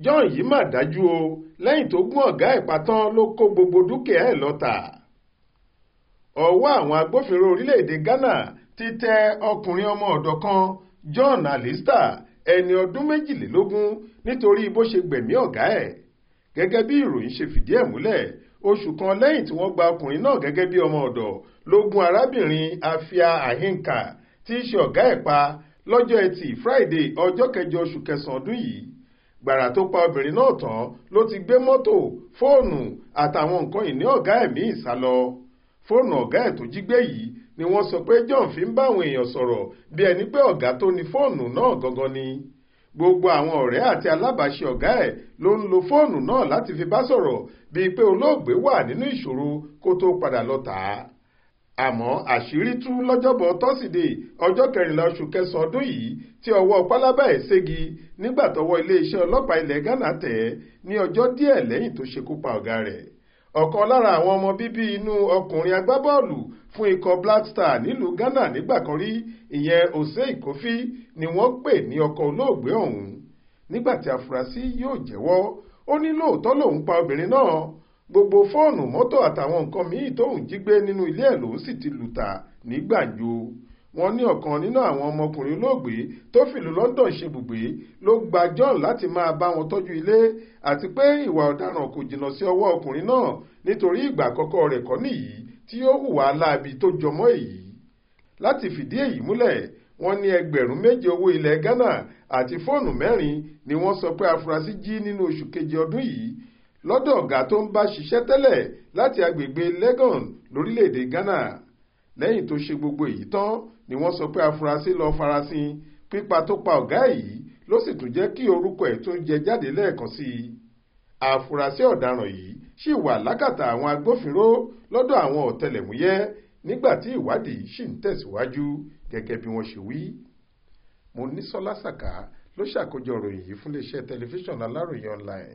john yìí mà dájú o lẹ́yìn tó gún ọ̀gá ẹ̀ pa tán ló kó gbogbo dúkìá ẹ̀ lọ ọwọ́ àwọn agbófinró orílẹ̀-èdè ghana ti tẹ ọkùnrin ọmọ ọ̀dọ̀ kan john alista ẹni ọdún méjìlélógún nítorí bó ṣe gbẹ̀mí ọ̀gá ẹ̀ gẹ́gẹ́ bí ìròyìn ṣe fìdí ẹ̀ múlẹ̀ oṣù kan lẹ́yìn tí wọ́n gba ọkùnrin náà gẹ́gẹ́ bí ọmọ ọ̀dọ̀ ló gún arábìnrin afia ahinka tí í ṣe ọ̀gá ẹ̀ pa lọ́jọ́ etí friday ọjọ́ kẹjọ oṣù kẹsàn-án ọdún yìí gbàrà tó pa obìnrin náà tán ló ti gbé mọ́tò fóònù àtàwọn nǹkan ìní ọ̀gá ẹ̀ míì sá lọ fóònù ọ̀gá ẹ̀ tó jí gbé yìí ni wọ́n sọ pé John fi ń bá àwọn èèyàn sọ̀rọ̀ bí ẹni pé ọ̀gá tó ní fóònù náà gangan ni gbogbo àwọn ọ̀rẹ́ àti alábàáṣe ọ̀gá ẹ̀ ló ń lo fóònù náà láti fi bá sọ̀rọ̀ bíi pé olóògbé wà nínú ìṣòro kó tó padà lọ tà àmọ́ àṣírí tú lọ́jọ́bọ̀ tọ́sídẹ̀ẹ́ ọjọ́ kẹrìnlá oṣù kẹsàn-án ọdún yìí tí ọwọ́ pálábá ẹ̀ ségi nígbà tọwọ́ iléeṣẹ́ ọlọ́pàá ilẹ̀ Ghana tẹ̀ ẹ́ ní ọjọ́ díẹ̀ lẹ́yìn tó ṣekú pa ọ̀gá rẹ̀ ọ̀kan lára àwọn ọmọ bíbí inú ọkùnrin agbábọ́ọ̀lù fún ikọ̀ Black Star nílùú Ghana nígbà kan rí ìyẹn Osei Kofi ni wọ́n pè ní ọkọ olóògbé ọ̀hún nígbà tí afurasí yóò jẹ́wọ́ ó ní lóòótọ́ lòun pa obìnrin náà gbogbo fóònù mọ́tò àtàwọn nǹkan míì tóun jí gbé nínú ilé ẹ̀ lòun sì ti lùtà ní gbàǹjo wọ́n ní ọ̀kan nínú àwọn ọmọkùnrin olóògbé tó fìlú London ṣebùgbé ló gba John láti máa bá wọn tọ́jú ilé àti pé ìwà ọ̀daràn kò jìnnà sí ọwọ́ ọkùnrin náà nítorí ìgbà àkọ́kọ́ rẹ̀ kọ́ nìyí tí ó hùwà láabi tó jọmọ́ èyí láti fìdí èyí múlẹ̀ wọ́n ní ẹgbẹ̀rún méje owó ilẹ̀ Ghana àti fóònù mẹ́rin ni wọ́n sọ pé afurasí jí nínú oṣù keje ọdún yìí lọ́dọ̀ ọ̀gá tó ń bá ṣiṣẹ́ tẹ́lẹ̀ láti agbègbè Legon lórílẹ̀‐èdè Ghana lẹ́yìn tó ṣe gbogbo èyí tán ni wọ́n sọ pé afurasí lọ farasin pípa tó pa ọ̀gá yìí ló sì tún jẹ́ kí orúkọ ẹ̀ tún jẹ jáde lẹ́ẹ̀kan sí i afurasí ọ̀daràn yìí ṣì wà lákàtà àwọn agbófinró lọ́dọ̀ àwọn ọ̀tẹlẹ̀múyẹ́ nígbà tí ìwádìí ṣì ń tẹ̀síwájú gẹ́gẹ́ bí wọ́n ṣe wí. Monísọ́lá Sàká ló ṣàkójọ ìròyìn yìí fún iléeṣẹ́ tẹlifíṣàn Aláròye online